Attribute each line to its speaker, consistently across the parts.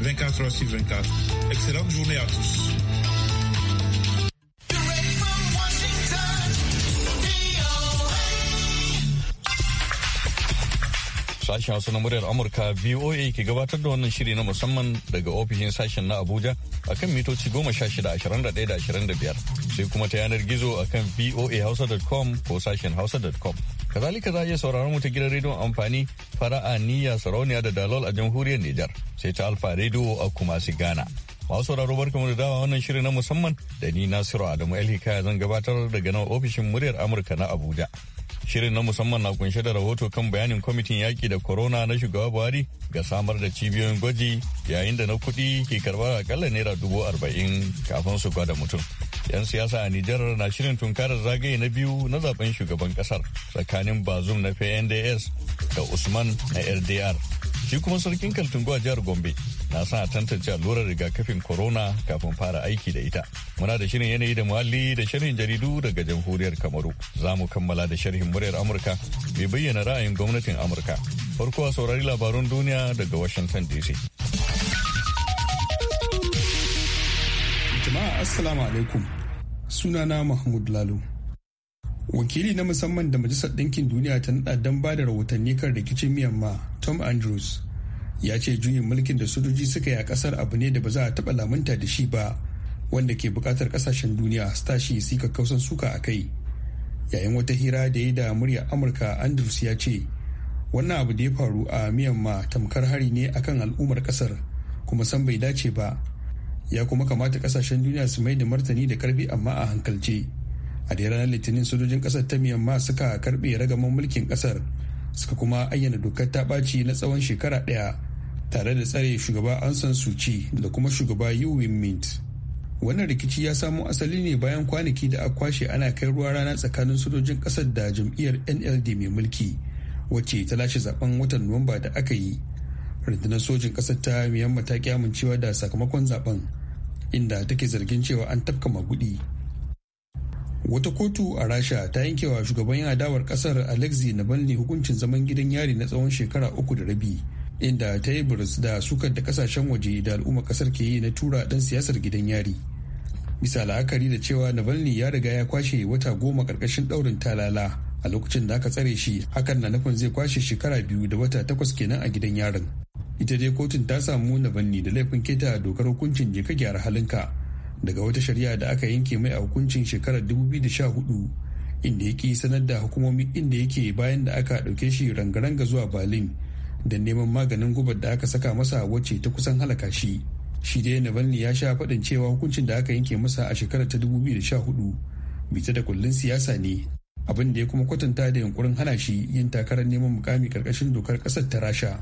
Speaker 1: 24 heures sur 24. Excellente journée à tous.
Speaker 2: Sashen Hausa na muryar Amurka VOA ke gabatar da wannan shiri na musamman daga ofishin sashen na Abuja akan mitoci 16-21-25 sai kuma ta yanar gizo akan voahausa.com ko sashen hausa.com. Kazalika za a iya sauraron mu ta gidan rediyon amfani fara'a niyya sarauniya da dalol a jamhuriyar Nijar sai ta alfa rediyo a kumasi gana masu sauraro barka mu da dawa wannan shiri na musamman da ni Nasiru Adamu alhikaya zan gabatar daga nan ofishin muryar Amurka na Abuja. Shirin na musamman na kunshe da rahoto kan bayanin kwamitin yaƙi da corona na shugaba Buhari ga samar da cibiyoyin gwaji yayin da na kuɗi ke karɓar akalla naira dubu arba'in kafin su gwada mutum. 'Yan siyasa a Nijar na shirin tunkarar zagaye na biyu na zaben shugaban ƙasar tsakanin Bazum na PNDS da Usman na LDR. Shi kuma sarkin Kaltungo a jihar Gombe na sa tantance allurar rigakafin corona kafin fara aiki da ita. Muna da shirin yanayi da muhalli da shirin jaridu daga jamhuriyar Kamaru. Za mu kammala da sharhin muryar Amurka mai bayyana ra'ayin gwamnatin Amurka. Farko a saurari labarun duniya daga Washington DC. Jama'a
Speaker 3: Assalamu alaikum. Sunana Mahmud Lalo. wakili na musamman da majalisar ɗinkin duniya ta naɗa don ba da rahotanni kan rikicin myanmar tom andrews ya ce juyin mulkin da sojoji suka yi a kasar abu ne da ba za a taɓa lamunta da shi ba wanda ke bukatar kasashen duniya su tashi su kausan suka a kai yayin wata hira da ya da murya amurka andrews ya ce wannan abu da ya faru a myanmar tamkar hari ne akan al'ummar kasar kuma san bai dace ba ya kuma kamata kasashen duniya su mai da martani da karfi amma a hankalce a da ranar litinin sojojin kasar ta miyamma suka karbe ragaman mulkin kasar suka kuma ayyana dokar ta ɓaci na tsawon shekara ɗaya tare da tsare shugaba an ansan suci da kuma shugaba yuwin mint wannan rikici ya samo asali ne bayan kwanaki da aka kwashe ana kai ruwa rana tsakanin sojojin kasar da jam'iyyar nld mai mulki wacce ta lashe zaben watan nuwamba da aka yi rundunar sojin kasar ta miyamma ta ki amincewa da sakamakon zaben inda take zargin cewa an tafka magudi wata kotu a rasha ta yankewa shugaban adawar kasar alexei navalny hukuncin zaman gidan yari na tsawon shekara uku da rabi inda ta yi buris da sukar da kasashen waje da al'umma kasar ke yi na tura dan siyasar gidan yari bisa la'akari da cewa navalny ya riga ya kwashe wata goma karkashin daurin talala a lokacin da aka tsare shi hakan na nufin zai kwashe shekara biyu da wata takwas kenan a gidan yarin ita dai kotun ta samu navalny da laifin keta dokar hukuncin jika gyara halinka daga wata shari'a da aka yanke mai a hukuncin shekarar 2014 inda yake sanar da hukumomi inda yake bayan da aka ɗauke shi ranga-ranga zuwa berlin da neman maganin gubar da aka saka masa wacce ta kusan halaka shi shi dai navalny ya sha faɗin cewa hukuncin da aka yanke masa a shekarar ta 2014 bita da kullun siyasa ne abin da ya kuma kwatanta da yunkurin hana shi yin takarar neman mukami karkashin dokar kasar ta rasha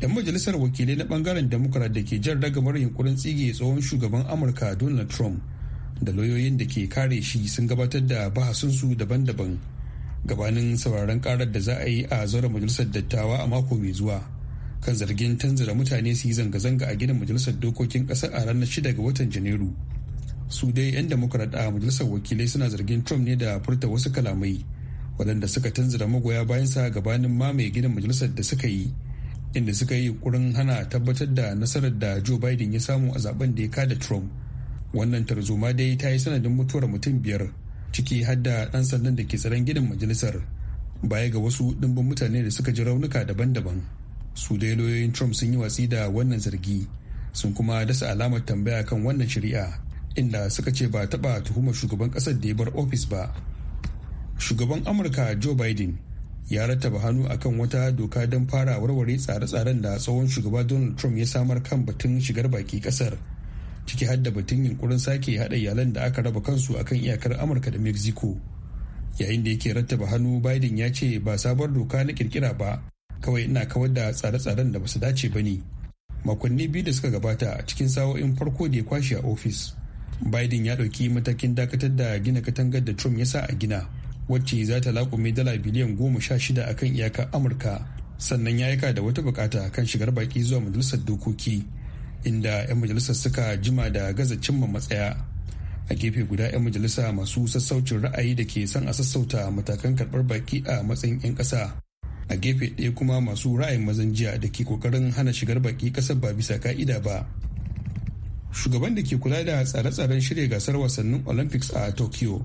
Speaker 3: yan majalisar wakilai na bangaren democrat da ke jan ragamar yunkurin tsige tsohon shugaban amurka donald trump da lauyoyin da ke kare shi sun gabatar da bahasunsu daban-daban gabanin sauraron karar da za a yi a zauren majalisar dattawa a mako mai zuwa kan zargin tanzara mutane su yi zanga-zanga a gidan majalisar dokokin kasa a ranar 6 ga watan janairu su dai 'yan democrat a majalisar wakilai suna zargin trump ne da furta wasu kalamai waɗanda suka tanzara magoya bayan sa gabanin mamaye gidan majalisar da suka yi inda suka yi yunkurin hana tabbatar da nasarar da joe biden ya samu a zaben da ya kada trump wannan tarzoma dai ta yi sanadin mutuwar mutum biyar ciki har da ɗan sandan da ke tsaron gidan majalisar baya ga wasu ɗimbin mutane da suka ji raunuka daban-daban su dai lauyoyin trump sun yi watsi da wannan zargi sun kuma dasa alamar tambaya kan wannan shari'a inda suka ce ba taɓa tuhumar shugaban ƙasar da ya bar ofis ba shugaban amurka joe biden ya rattaba hannu akan wata doka don fara warware tsare-tsaren da tsohon shugaba donald trump ya samar kan batun shigar baki ƙasar ciki har da batun yunkurin sake haɗa iyalan da aka raba kansu akan iyakar amurka da mexico yayin da yake rattaba hannu biden ya ce ba sabuwar doka na kirkira ba kawai ina kawar da tsare-tsaren da basu dace ba ne makonni biyu da suka gabata a cikin sawo'in farko da ya kwashe a ofis biden ya ɗauki matakin dakatar da gina katangar da trump ya sa a gina wacce za ta laƙume dala biliyan goma sha shida akan iyakar amurka sannan ya aika da wata bukata kan shigar baki zuwa majalisar dokoki inda 'yan majalisar suka jima da gaza cimma matsaya a gefe guda 'yan majalisa masu sassaucin ra'ayi da ke son a sassauta matakan karbar baki a matsayin 'yan ƙasa a gefe ɗaya kuma masu ra'ayin mazan jiya da ke ƙoƙarin hana shigar baki ƙasar ba bisa ka'ida ba shugaban da ke kula da tsare-tsaren shirya gasar wasannin olympics a tokyo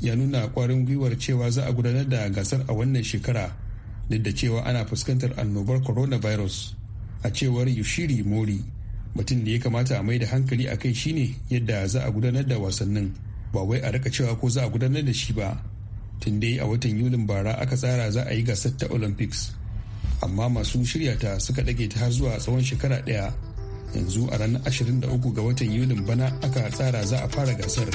Speaker 3: ya nuna kwarin gwiwar cewa za a gudanar da gasar a wannan shekara duk da cewa ana fuskantar annobar coronavirus a cewar yushiri mori batun da ya kamata a mai da hankali a kai shine yadda za a gudanar da wasannin ba wai a rika cewa ko za a gudanar da shi ba tun dai a watan yulin bara aka tsara za a yi gasar ta olympics amma masu shirya ta suka dage ta har zuwa tsawon shekara daya yanzu a ranar 23 ga watan yulin bana aka tsara za a fara gasar.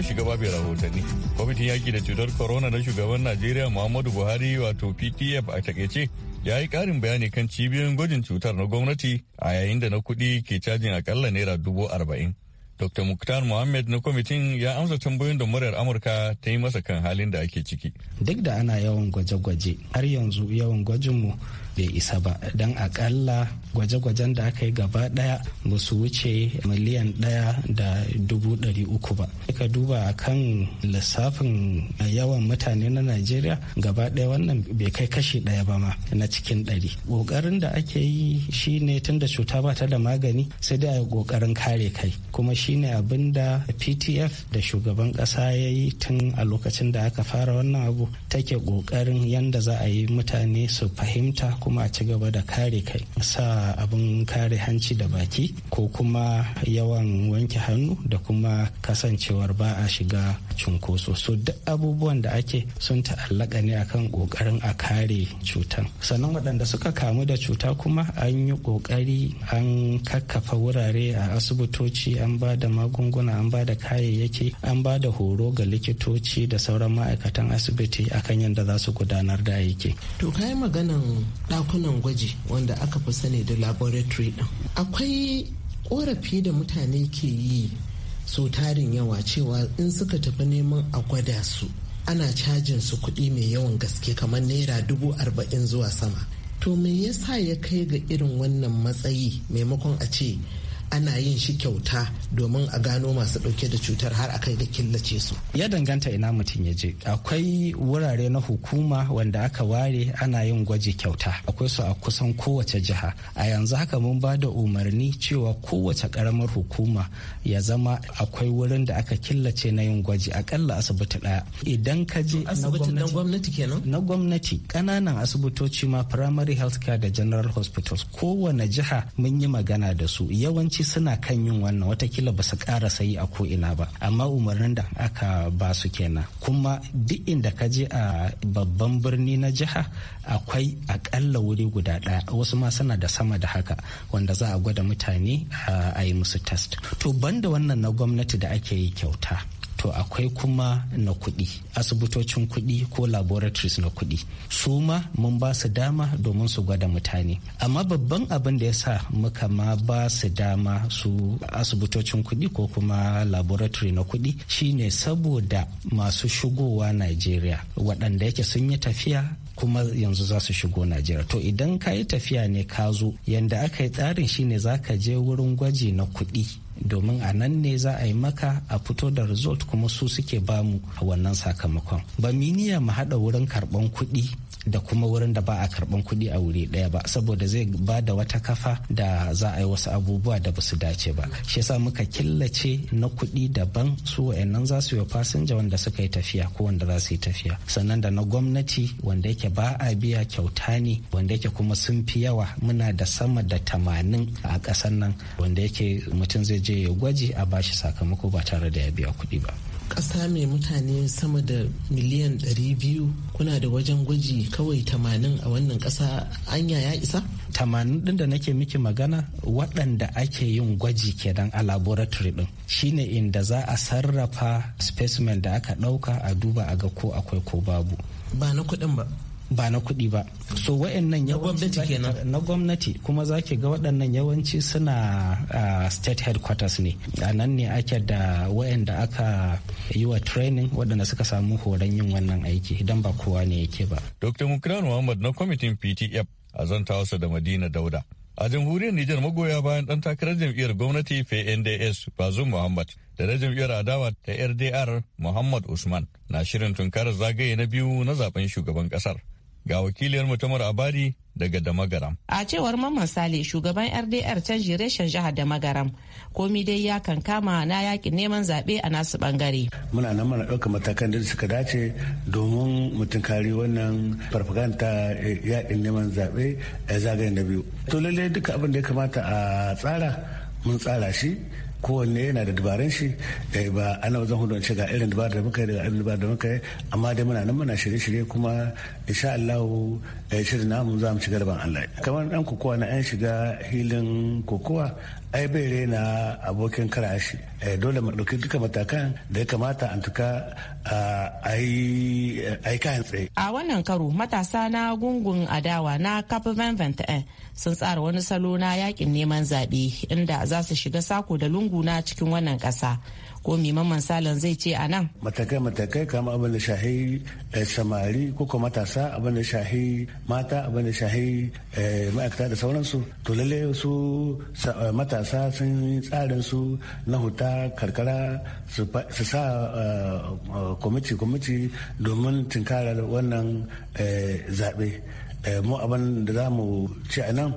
Speaker 2: mu shiga babin rahotanni. Kwamitin yaki da cutar corona na shugaban Najeriya Muhammadu Buhari wato PTF a takaice ya yi ƙarin bayani kan cibiyoyin gwajin cutar na gwamnati a yayin da na kuɗi ke cajin akalla naira dubu arba'in. Dr. Muktar Mohammed na kwamitin ya amsa tambayoyin da muryar Amurka ta yi masa kan halin da ake ciki.
Speaker 4: Duk da ana yawan gwaje-gwaje, har yanzu yawan gwajinmu bai isa ba don akalla gwaje-gwajen da aka yi gaba daya ba su wuce miliyan daya da dubu dari uku ba ka duba a kan lissafin yawan mutane na najeriya gaba daya wannan bai kai kashi daya ba ma na cikin dari ƙoƙarin da ake yi shine tun da cuta ba ta da magani sai dai a ƙoƙarin kare kai kuma shine abin da ptf da shugaban ƙasa ya yi tun a lokacin da aka fara wannan abu take ƙoƙarin yanda za a yi mutane su fahimta kuma a ci gaba da kare kai sa abin kare hanci da baki ko kuma yawan wanke hannu da kuma kasancewar ba a shiga cunkoso so duk abubuwan da ake sun ta'allaka ne akan kokarin a kare cutan sannan waɗanda suka kamu da cuta kuma an yi kokari an kakkafa wurare a asibitoci an ba da magunguna an ba da kayayyaki an ba da horo ga likitoci da sauran ma'aikatan asibiti akan yadda za su gudanar da aiki
Speaker 5: to kayan maganan
Speaker 6: ɗakunan gwaji wanda aka fi sani da laboratory ɗin akwai ƙorafi da mutane ke yi so tarin yawa cewa in suka tafi neman a gwada su ana cajin su kuɗi mai yawan gaske kamar naira dubu arba'in zuwa sama to me yasa ya kai ga irin wannan matsayi maimakon a ce ana yin shi kyauta domin a gano masu ɗauke da cutar har akai da killace su ya danganta ina
Speaker 4: mutum ya je akwai wurare na hukuma wanda aka ware ana yin gwaji kyauta akwai su a kusan kowace jiha a yanzu haka mun ba da umarni cewa kowace karamar hukuma ya zama akwai wurin da aka killace na yin gwaji akalla asibiti ɗaya idan ka je na gwamnati kenan na gwamnati ƙananan asibitoci ma primary health care da general hospitals kowane jiha mun yi magana da su yawanci yawanci suna kan yin wannan watakila ba su kara sayi a ko'ina ba amma umarnin da aka ba su kenan kuma duk inda ka je a babban birni na jiha akwai akalla wuri guda ɗaya wasu ma suna da sama da haka wanda za a gwada mutane a yi musu test to banda wannan na gwamnati da ake yi kyauta to akwai kuma na kuɗi asibitocin kuɗi ko laboratories na kuɗi su ma mun ba su dama domin su gwada mutane amma babban abin da ya sa muka ma ba su dama su asibitocin kuɗi ko kuma laboratory na kuɗi shine saboda masu shigowa Najeriya waɗanda yake sun yi tafiya kuma yanzu za su shigo Najeriya. To idan ka yi tafiya ne ka zo yanda aka yi tsarin shine za ka je wurin gwaji na kuɗi domin a nan ne za a yi maka a fito da result kuma su suke bamu a wannan sakamakon ba miniya mu haɗa wurin karban kuɗi da kuma wurin da ba a karban kuɗi a wuri ɗaya ba saboda zai ba da wata kafa da za a yi wasu abubuwa da ba su dace ba shi yasa muka killace na kuɗi daban su wa'annan za su yi fasinja wanda suka yi tafiya ko wanda za su yi tafiya sannan da na gwamnati wanda yake ba a biya kyauta ne wanda yake kuma sun fi yawa muna da sama da tamanin a ƙasar nan wanda yake mutum zai je je ya gwaji a bashi sakamako ba tare da ya biya kuɗi ba
Speaker 6: ƙasa mai mutane sama da miliyan 200 kuna da wajen gwaji kawai 80 a wannan ƙasa
Speaker 4: anya ya isa? Tamanin ɗin da nake miki magana waɗanda ake yin gwaji kenan a laboratory ɗin shine inda za a sarrafa specimen da aka ɗauka a duba a ga ko akwai ko babu ba na kuɗin ba ba na kuɗi ba so wa'annan yawanci na gwamnati kuma za ga waɗannan yawanci suna state headquarters ne a nan ne ake da wa'anda aka yi wa training waɗanda suka samu horon yin wannan aiki idan ba kowa ne yake ba
Speaker 2: dr mukran muhammad na kwamitin ptf a Hausa da madina dauda a jamhuriyar nijar magoya bayan dan takarar jam'iyyar gwamnati pnds bazum muhammad da na jam'iyyar adawa ta rdr muhammad usman na shirin tunkarar zagaye na biyu na zaben shugaban kasar Ga wakiliyar mutumar Abari daga Damagaram.
Speaker 7: A cewar Mamman Sale shugaban RDR canji reshen jihar Damagaram, komi dai ya kan kama na yakin neman zaɓe a nasu bangare.
Speaker 1: Muna nan mana ɗauka matakan da suka dace domin mutum kari wannan farfaganta eh, yakin neman zabe a zagayen na biyu. To lallai duka abin da ya kamata a tsara mun tsara shi kowanne yana da dabarun shi eh, ba ana wajen hudu ce ga irin dabarar da muka yi ga irin dabarar da muka yi amma dai muna nan muna shirye-shirye kuma insha Allah eh, shirin namu za mu ci gaban Allah kamar dan kokowa na yan shiga hilin kokowa ai bai raina abokin karashi eh, dole mu ɗauki duka matakan da ya kamata an tuka a yi kayan tsaye.
Speaker 7: A wannan karo matasa na gungun adawa na CAP sun tsara wani salo na yakin neman zaɓe inda za su shiga sako da lungu na cikin wannan ƙasa. ko miman mamman zai ce a nan.
Speaker 1: Matakai matakai kama abin da shahi eh, samari ko kuma matasa abin da shahi mata abin da shahi eh, ma'aikata da sauransu. To lalle su eh, matasa sun yi tsarin su na huta karkara su sa kwamiti kwamiti domin tinkarar wannan zaɓe. mu abin da za mu ci a nan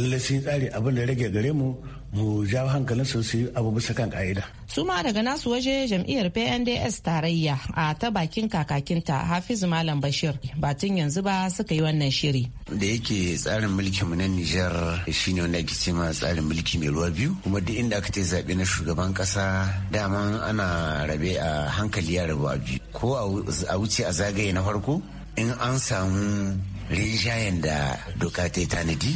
Speaker 1: lalle sun tsari abin da rage gare mu mu ja hankalin su su abu bisa kan ka'ida.
Speaker 7: su ma daga nasu waje jam'iyyar pnds tarayya a ta bakin kakakinta hafiz malam bashir batun yanzu ba suka yi wannan shiri
Speaker 8: da yake tsarin mulki mu na nijar shine wanda ake cema tsarin mulki mai ruwa biyu kuma duk inda aka ce zaɓe na shugaban ƙasa dama ana rabe a hankali ya rabu a biyu ko a wuce a zagaye na farko in an samu rinjayen da doka ta yi tanadi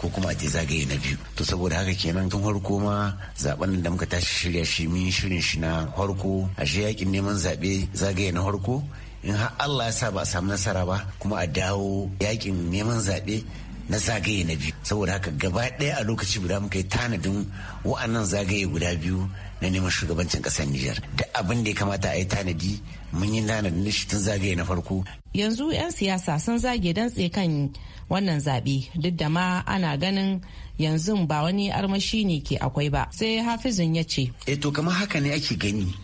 Speaker 8: ko kuma a je zagaye na biyu to saboda haka kenan tun farko ma zaben da muka tashi shirya shi min shirin shi na farko a shi yakin neman zaɓe zagaye na farko in har Allah ya sa ba a samu nasara ba kuma a dawo yakin neman zaɓe na zagaye na biyu saboda haka gaba ɗaya a lokaci guda muka yi tanadin wa'annan zagaye guda biyu na neman shugabancin ƙasar Nijar da abin da ya kamata a yi tanadi mun yi tanadin shi tun zagaye na farko.
Speaker 7: Yanzu 'yan siyasa sun zage dantse kan wannan zaɓe duk da ma ana ganin yanzu ba wani armashi ne ke akwai ba sai Hafizun ya ce.
Speaker 8: E to kamar haka ne ake gani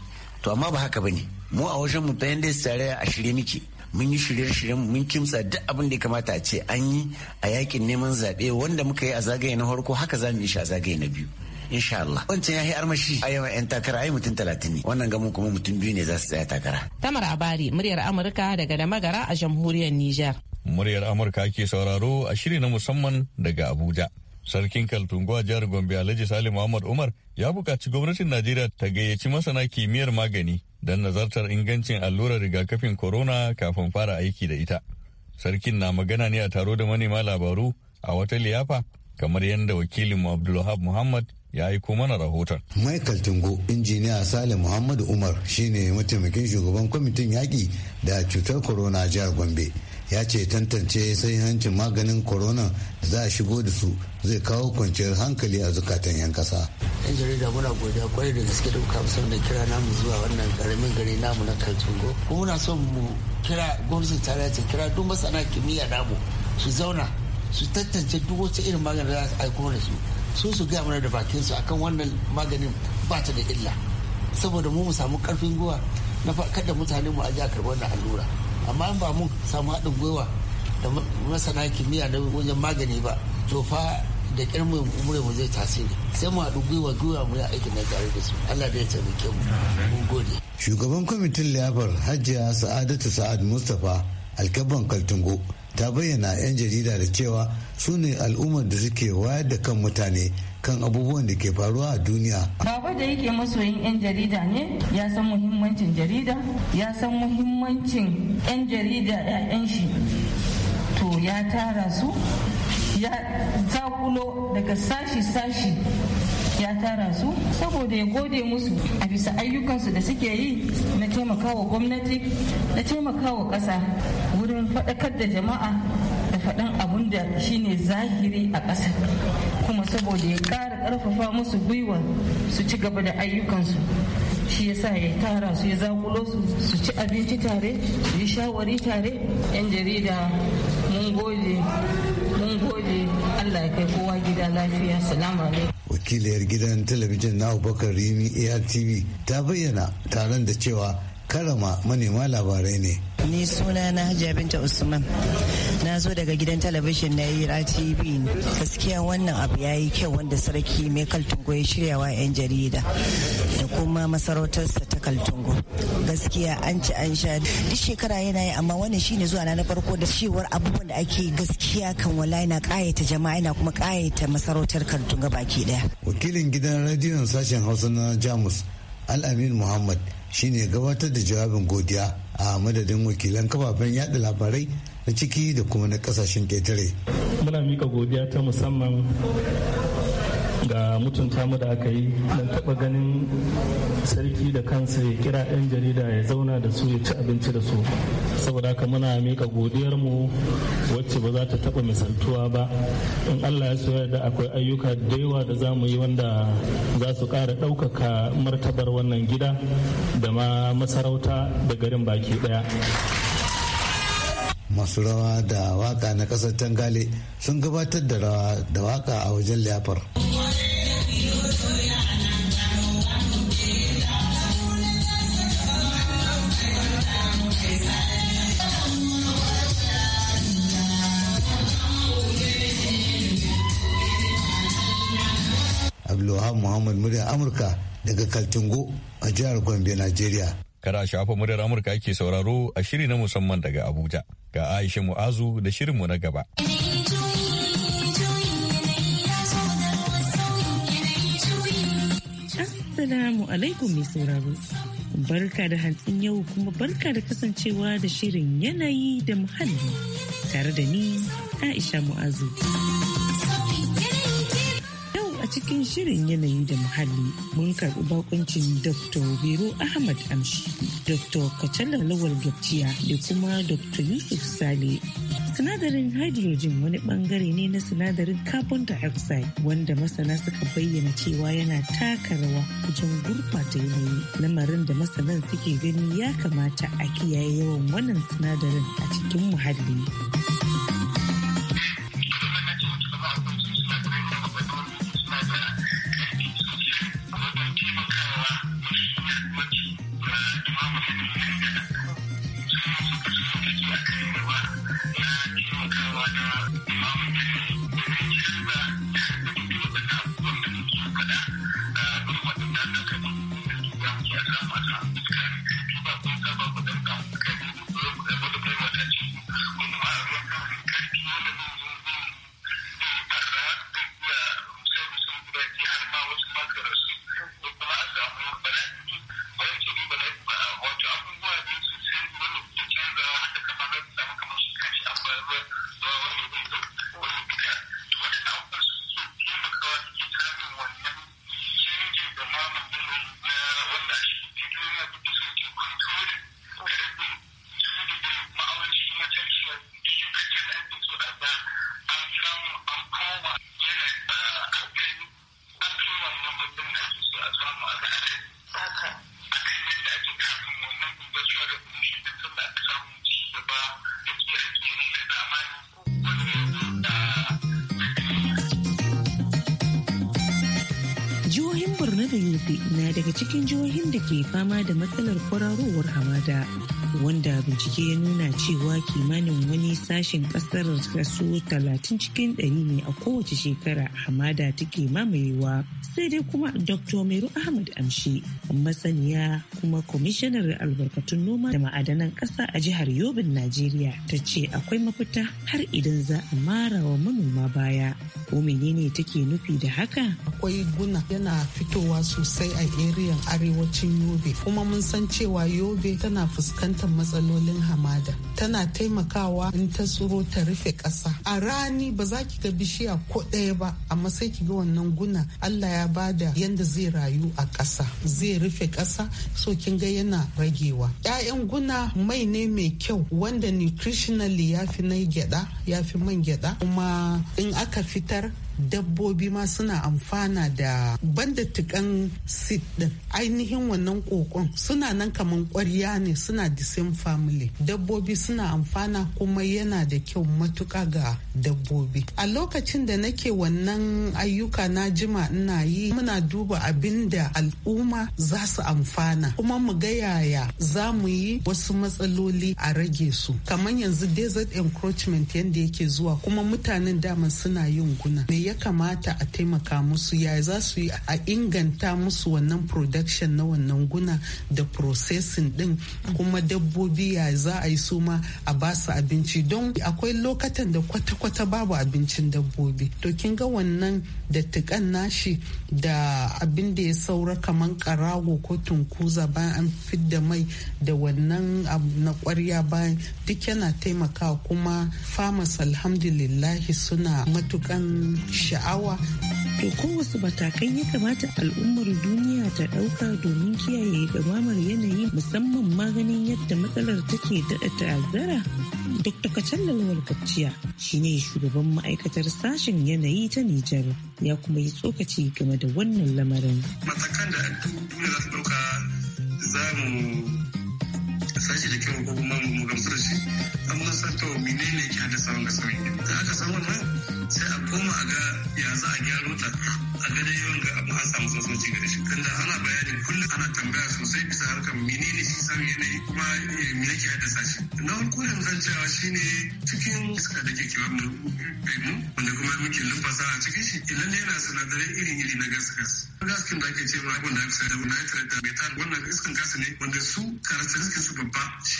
Speaker 8: to amma ba haka ba ne mu a wajen mu bayan dai tare a shirye muke mun yi shirye-shiryen mun kimsa duk abin da ya kamata a ce an yi a yakin neman zaɓe wanda muka yi a zagaye na farko haka za mu yi shi a zagaye na biyu insha Allah. Wancan ya yi armashi a yawan 'yan takara yi mutum talatin ne wannan gamu kuma mutum biyu ne za su tsaya takara.
Speaker 7: Tamar Abari muryar Amurka daga Damagara a jamhuriyar Nijar.
Speaker 2: Muryar Amurka ke sauraro a shiri na musamman daga Abuja. Sarkin Kaltungo jihar Gombe Alhaji Salim Muhammad Umar ya buƙaci gwamnatin Najeriya ta gayyaci masana kimiyyar magani don nazartar ingancin allurar rigakafin corona kafin fara aiki da ita. Sarkin na magana ne a taro da manema labaru a wata liyafa kamar yadda wakilin Abdulwahab Muhammad ya aiko mana rahoton.
Speaker 9: Michael Tungo, injiniya Salim Muhammad Umar shine mataimakin shugaban kwamitin yaƙi da cutar corona a jihar Gombe. ya ce tantance sai hancin maganin corona za a shigo da su zai kawo kwanciyar hankali a zukatan 'yan kasa.
Speaker 8: yan jarida muna godiya kwarai da gaske da kuka musamman da kira namu zuwa wannan karamin gari namu na kaltungo kuma muna son mu kira gwamnatin tarayya ta kira duk masana kimiyya namu su zauna su tantance duk wata irin maganin da za su aiko da su su su gaya mana da bakin su akan wannan maganin ba ta da illa saboda mu mu samu karfin gwiwa na kada mutane mu a ji a karɓar da allura amma ba mun samu haɗin gwiwa da masana kimiyya da wajen magani ba to fa da kyar mu mu zai tasiri sai mu haɗu gwiwa gwiwa mu yi aikin na tare da su Allah da ya taimake mu mun gode
Speaker 9: shugaban kwamitin liyafar hajjiya sa'adatu sa'ad mustapha alkaban kaltungo ta bayyana 'yan jarida da cewa su ne al'ummar da suke wayar da kan mutane kan abubuwan da ke faruwa a duniya.
Speaker 7: Baba da yake masoyin 'yan jarida ne ya san muhimmancin jarida ya san muhimmancin 'yan jarida 'ya'yan shi to ya tara su ya zakulo daga sashi-sashi ya tara su saboda ya gode musu a bisa ayyukansu da suke yi na taimakawa gwamnati na taimakawa ƙasa wurin faɗakar da jama'a da faɗan abun da shine zahiri a ƙasa kuma saboda ya ƙara ƙarfafa musu gwiwa su ci gaba da ayyukansu shi yasa ya tara su ya zakulo su su ci abinci tare su yi shawari tare yan jarida mun gode mun gode allah ya kai kowa gida lafiya salamu alaikum
Speaker 9: wakiliyar gidan talabijin na abubakar rimi artv ta bayyana taron da cewa karama manema labarai ne.
Speaker 10: Ni suna na Hajiya Binta Usman. Na zo daga gidan talabijin na Ira TV. Gaskiya wannan abu ya yi kyau wanda sarki mai kaltungo ya shirya wa 'yan jarida da kuma masarautarsa ta kaltungo. Gaskiya an ci an sha duk shekara yana yi amma wannan shine zuwa na farko da cewar abubuwan da ake gaskiya kan wala yana kayata jama'a yana kuma kayata masarautar kaltungo baki daya.
Speaker 9: Wakilin gidan radiyon sashen Hausa na Jamus Al-Amin Muhammad shine gabatar da jawabin godiya a madadin wakilan kafafen yada labarai na ciki da kuma na kasashen ketare.
Speaker 4: Muna miƙa godiya ta musamman da mutunta mu da aka yi don taɓa ganin sarki da kansa ya kira 'yan jarida ya zauna da su ya ci abinci da su saboda haka muna mika godiyar mu wacce ba za ta taba misaltuwa ba in allah ya soya da akwai ayyuka da yawa da za mu yi wanda za su ƙara ɗaukaka martabar wannan gida da ma masarauta da garin baki
Speaker 9: ɗaya masu rawa da waka na kasar tangale sun gabatar da rawa da waka a wajen liyafar. Abdullahi Muhammad Murya Amurka daga Kaltungo a jihar Gombe, Najeriya.
Speaker 2: Kada a shafa muryar Amurka ake sauraro a shiri na musamman daga Abuja. Ga Aisha Mu'azu da shirinmu na gaba.
Speaker 10: Assalamu alaikum mai sauraro. Barka da hantsin yau kuma barka da kasancewa da shirin yanayi da muhalli tare da ni Aisha Mu'azu. cikin shirin yanayi da muhalli mun karɓi bakuncin Dr. Biro Ahmad Amshi, Dr. Kacalla Lawal Gabciya da kuma Dr. Yusuf Sale. Sinadarin hydrogen wani bangare ne na sinadarin carbon dioxide wanda masana suka bayyana cewa yana taka rawa wajen gurbata yanayi. Lamarin da masanan suke gani ya kamata a kiyaye yawan wannan sinadarin a cikin muhalli. Nufi na daga cikin jihohin da ke fama da matsalar kwararowar hamada. Wanda bincike ya nuna cewa kimanin wani sashen kasar kaso 30 cikin 100 ne a kowace shekara hamada take mamayewa. Sai dai kuma Dr. Meru Ahmad Amshi, masaniya kuma kwamishinar albarkatun noma da ma'adanan ƙasa a jihar Yobin Najeriya ta ce akwai mafita har idan za a mara wa manoma
Speaker 6: baya. Ko menene take nufi da haka? Akwai guna yana fitowa su sosai a eriyan arewacin yobe kuma mun san cewa yobe tana fuskantar matsalolin hamada tana taimakawa in ta tsoro ta rufe ƙasa a rani ba za ki ga bishiya ko ɗaya ba amma sai ki ga wannan guna allah ya bada yanda zai rayu a ƙasa zai rufe ƙasa so kin ga yana ragewa ƴaƴan guna mai ne mai kyau wanda nutritionally ya fi na gyada ya fi man gyada kuma in aka fitar dabbobi ma suna amfana da banda tukan seed din ainihin wannan kokon suna nan kaman kwarya ne suna the same family dabbobi suna amfana kuma yana da kyau matuka ga dabbobi a lokacin da nake wannan ayyuka na jima ina yi muna duba abin da al'umma za su amfana kuma mu ga yaya za mu yi wasu matsaloli a rage su kamar yanzu desert encroachment yadda yake zuwa kuma mutanen dama suna yin guna ya kamata a taimaka musu ya za su yi a inganta musu wannan production na wannan guna da processing din kuma dabbobi ya za a yi su ma a ba su abinci don akwai lokatan da kwata-kwata babu abincin dabbobi to kin ga wannan da tukan nashi da abin da ya saura kaman karago ko tunkuza bayan an fidda mai da wannan na kwarya bayan duk yana taimaka kuma famas alhamdulillahi suna matukan sha'awa to kowace matakai ya kamata al'ummar
Speaker 10: duniya ta ɗauka domin kiyaye gamamar yanayi musamman maganin yadda matsalar take daɗa ta'azzara dr kacallar shi shine shugaban ma'aikatar sashen yanayi ta nijar ya kuma yi tsokaci game da wannan lamarin
Speaker 1: matakan da za mu sashi da kyau ko kuma mu gamsu da shi an mun to menene ke haddasa wanga sauyi da aka san wannan sai a
Speaker 3: koma a ga ya za a gyaro ta a ga dai yawan ga abu an samu sosoci gari shi tunda ana bayani kullum ana tambaya sosai bisa harkar menene shi sauyi yanayi kuma me yake haddasa shi na farko da zan cewa ne cikin iska da ke kewa mu wanda kuma muke lumfasa a cikin shi idan yana sinadarai iri-iri na gas gas gaskin da ake ce ma abin da aka sai da nitrate da metan wannan iskan gas ne wanda su karakteristikin su shi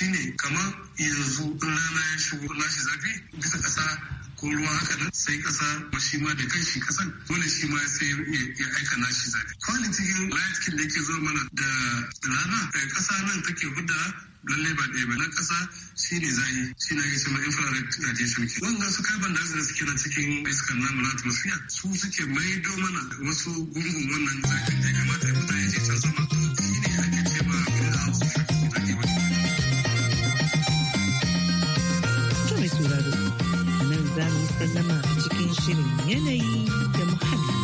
Speaker 11: shine kamar yanzu in rana ya shigo nashi zafi bisa ƙasa ko ruwa haka nan sai kasa shi ma da shi kasan dole shi ma sai ya aika nashi zafi kwalitin
Speaker 3: light kin da ke zo mana da rana kasa nan take hudda lalle ba ɗaya ba na ƙasa shi ne zai shi na yake ma infrared radiation ke wannan su carbon dioxide suke na cikin iskar namu na atmosphere su suke maido mana wasu
Speaker 10: gungun wannan zafin da ya kamata ya fita ya can sama shi ne ake ce ma da hausa ake sallama a cikin shirin yanayi da muhalli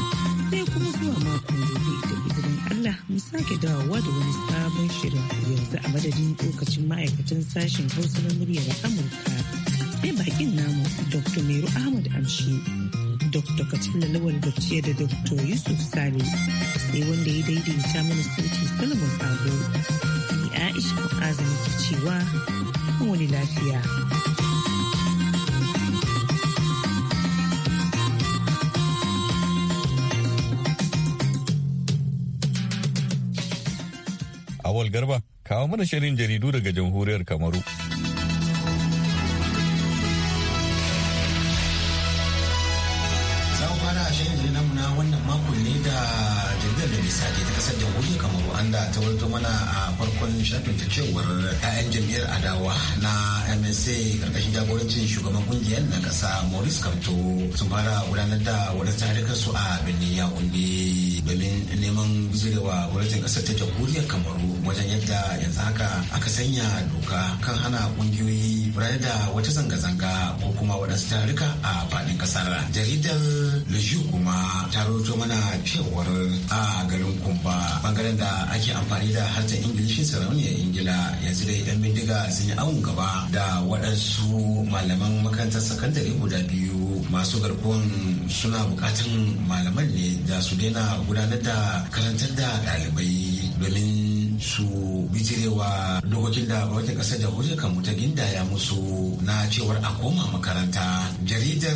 Speaker 10: sai kuma zuwa makon gobe da izinin Allah mu sake dawowa da wani sabon shirin yanzu a madadin lokacin ma'aikatan sashen Hausa na muryar Amurka sai bakin namu Dr. Meru Ahmad Amshi Dr. Katsina Lawal Bacciya da Dr. Yusuf Sani sai wanda ya daidaita mana sauti Solomon Ado. Aisha Azumi cewa wani lafiya.
Speaker 2: Garba, kawo mana shirin jaridu daga jamhuriyar Kamaru.
Speaker 5: wato mana a farkon shafin ta cewar 'ya'yan jam'iyyar adawa na msa karkashin jagorancin shugaban kungiyar na kasa maurice kamto sun fara gudanar da wadansu tarihar su a birnin yawunde domin neman zurewa gwamnatin kasar ta jamhuriyar kamaru wajen yadda yanzu haka aka sanya doka kan hana kungiyoyi gudanar da wata zanga-zanga ko kuma wadansu tarika a faɗin kasar jaridar lejuku ta mana cewar a garin kumba bangaren da ake amfani da harshen ingilishin sarauniyar ingila yanzu dai yan bindiga sun yi awon gaba da waɗansu malaman makarantar sakandare guda biyu masu garkuwan suna bukatan malaman ne da su daina gudanar da karantar da ɗalibai domin su bijirewa dokokin da gwamnatin kasar jamhuriyar kamu ta ya musu na cewar a koma makaranta jaridar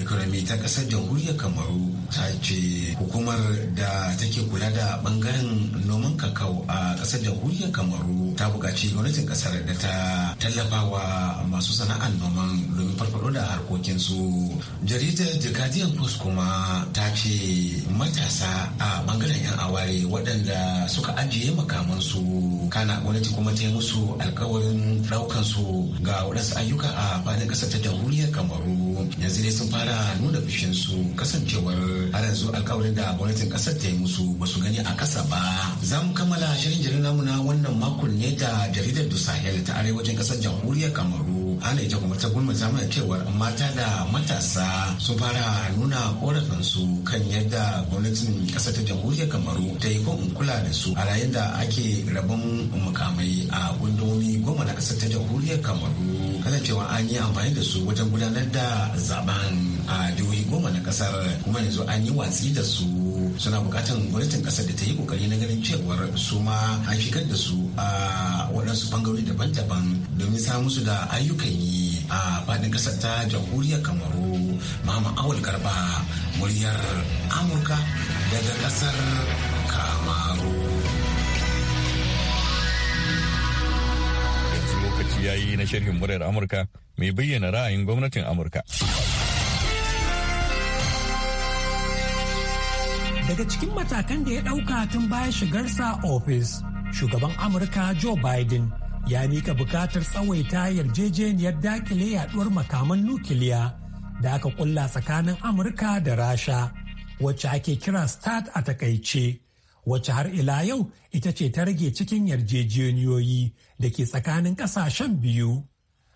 Speaker 5: economy ta kasar jamhuriyar kamaru ta ce hukumar da take kula da bangaren noman kakau a kasar jamhuriyar kamaru ta buƙaci gwamnatin kasar da ta tallafawa masu sana'ar noman farfado da su jaridar the guardian post kuma ta ce matasa a bangaren yan aware waɗanda suka ajiye makamansu kana gwamnati kuma ta yi musu alkawarin ɗaukan su ga waɗansu ayyuka a fadin ƙasar ta jamhuriyar kamaru yanzu dai sun fara nuna su kasancewar har yanzu alkawarin da gwamnatin ƙasar ta yi musu ba su gani a ƙasa ba za mu kammala shirin jaridar namu na wannan makon ne da jaridar du sahel ta arewacin ƙasar jamhuriyar kamaru ana ita kuma ta gulmata mana cewar mata da matasa sun fara nuna korafinsu kan yadda gwamnatin ƙasar ta jamhuriyar kamaru ta yi kun kula da su a yayin da ake rabon mukamai a gundumomi goma na ƙasar ta jamhuriyar kamaru kasancewa an yi amfani da su wajen gudanar da zaben a jihohi goma na kasar kuma yanzu an yi watsi da su suna bukatan gwamnatin kasar da ta yi kokari na ganin cewar su ma an shigar da su a waɗansu bangarori daban-daban domin samu su da ayyukan yi a faɗin kasar ta jamhuriyar kamaru mama awul garba muryar amurka daga kasar kamaru
Speaker 2: lokaci ya yi na sharhin muryar amurka mai bayyana ra'ayin gwamnatin amurka
Speaker 11: daga cikin matakan da ya ɗauka tun baya shigarsa ofis shugaban amurka joe biden ya mika bukatar tsawaita yarjejeniyar dakile yaɗuwar makaman nukiliya da aka ƙulla tsakanin amurka da rasha wacce ake kira start a takaice wacce har ila yau ita ce ta rage cikin yarjejeniyoyi da ke tsakanin ƙasashen biyu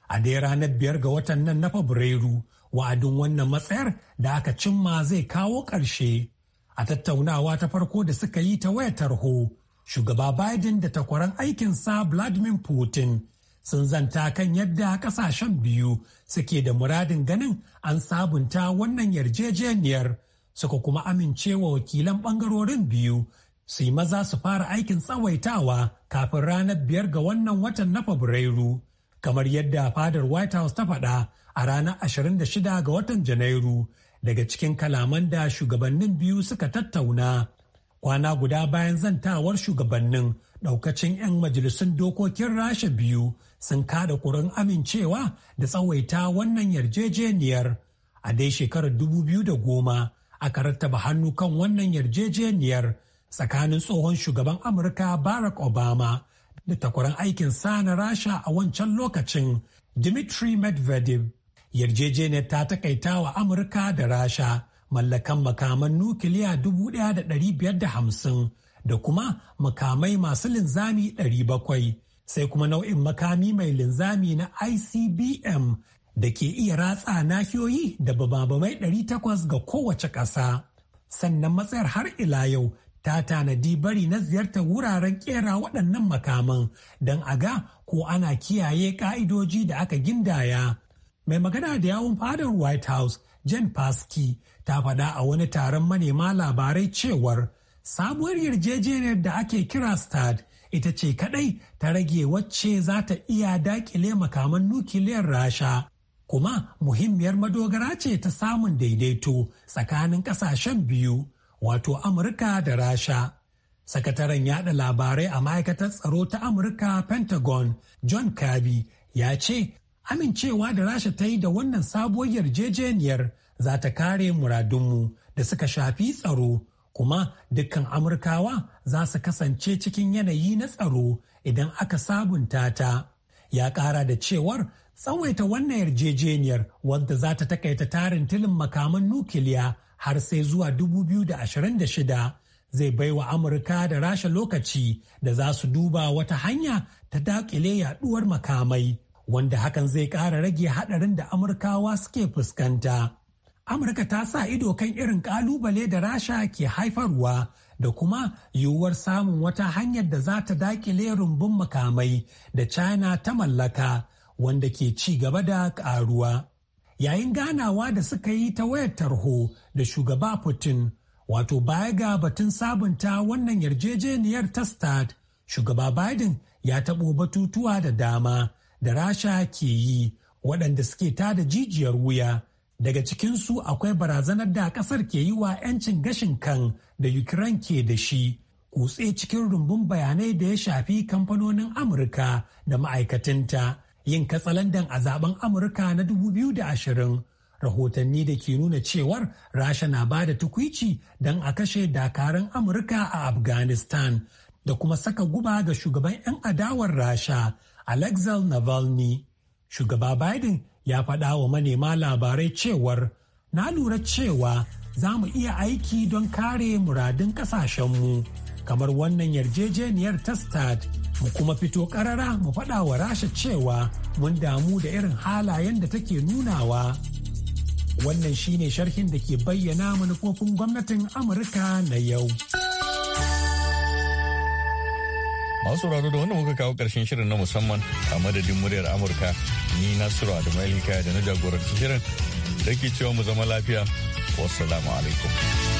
Speaker 11: a dai ranar biyar ga watan nan na fabrairu wa'adin wannan matsayar da aka cimma zai kawo ƙarshe A tattaunawa ta farko da suka yi ta waya tarho, shugaba Biden da takwaran aikinsa Vladimir Putin sun zanta kan yadda kasashen biyu suke da muradin ganin an sabunta wannan yarjejeniyar suka kuma amincewa wakilan bangarorin biyu su yi maza su fara aikin tsawaitawa kafin ranar biyar ga wannan watan na Fabrairu, kamar yadda fadar White House ta faɗa a ranar 26 ga watan Janairu daga cikin kalaman da shugabannin biyu suka tattauna kwana guda bayan zantawar shugabannin daukacin 'yan majalisun dokokin rasha biyu sun kada kurin amincewa da tsawaita wannan yarjejeniyar a dai shekarar 2010 aka rattaba hannu kan wannan yarjejeniyar tsakanin tsohon shugaban amurka barack obama da takwaran aikin sa na rasha a wancan lokacin Dmitry Medvedev yarjejeniyar ta takaita wa amurka da rasha mallakan makaman nukiliya 1,550 da kuma makamai masu linzami 700 sai kuma nau'in makami mai linzami na icbm da ke iya ratsa nahiyoyi da babamai 800 ga kowace ƙasa sannan matsayar har ila yau ta tanadi bari na ziyartar wuraren kera waɗannan makaman don a ga ko ana kiyaye ƙa'idoji da aka gindaya mai magana da yawun fadar white house jen paski ta faɗa a wani taron manema labarai cewar sabuwar yarjejeniyar da ake kira stad ita ce kadai ta rage wacce za ta iya dakile makaman nukiliyar rasha kuma muhimmiyar madogara ce ta samun daidaito tsakanin kasashen biyu wato amurka da rasha sakataren yada labarai a ma'aikatar tsaro ta amurka pentagon john kirby ya ce amincewa da rasha ta yi da wannan sabuwar yarjejeniyar za ta kare muradunmu da suka shafi tsaro kuma dukkan amurkawa za su kasance cikin yanayi na tsaro idan aka sabunta ta ya kara da cewar tsawaita wannan yarjejeniyar wadda za ta takaita tarin tilin makaman nukiliya har sai zuwa 2026 zai baiwa amurka da rasha lokaci da za su duba wata hanya ta dakile yaduwar makamai wanda hakan zai ƙara rage haɗarin da Amurkawa suke fuskanta. Amurka ta sa ido kan irin ƙalubale da Rasha ke haifarwa da kuma yiwuwar samun wata hanyar da za ta dakile rumbun makamai da China ta mallaka wanda ke ci gaba da ƙaruwa. Yayin ganawa da suka yi ta wayar tarho da shugaba Putin, wato baya ga batun sabunta wannan yarjejeniyar ta START, shugaba Biden ya taɓo batutuwa da dama da rasha ke yi waɗanda suke ta da jijiyar wuya daga cikinsu akwai barazanar da ƙasar ke yi wa 'yancin gashin kan da ukraine ke da shi kutse cikin rumbun bayanai da ya shafi kamfanonin amurka da ma'aikatanta yin katsalandan a zaben amurka na 2020 rahotanni da ke nuna cewar rasha na ba da tukwici don a kashe dakarun amurka a afghanistan da kuma saka guba ga shugaban 'yan adawar rasha Alexei Navalny. Shugaba Biden ya faɗa wa manema labarai cewar na lura cewa za mu iya aiki don kare muradun ƙasashenmu kamar wannan yarjejeniyar ta START mu kuma fito ƙarara mu faɗa wa rasha cewa mun damu da irin halayen da take nunawa. Wannan shine sharhin da ke bayyana manufofin gwamnatin Amurka na yau.
Speaker 2: masu sauraro da wanda muka kawo karshen shirin na musamman a madadin muryar amurka ni nasiru adamu da na jagoranci shirin da ke cewa mu zama lafiya alaikum. alaikum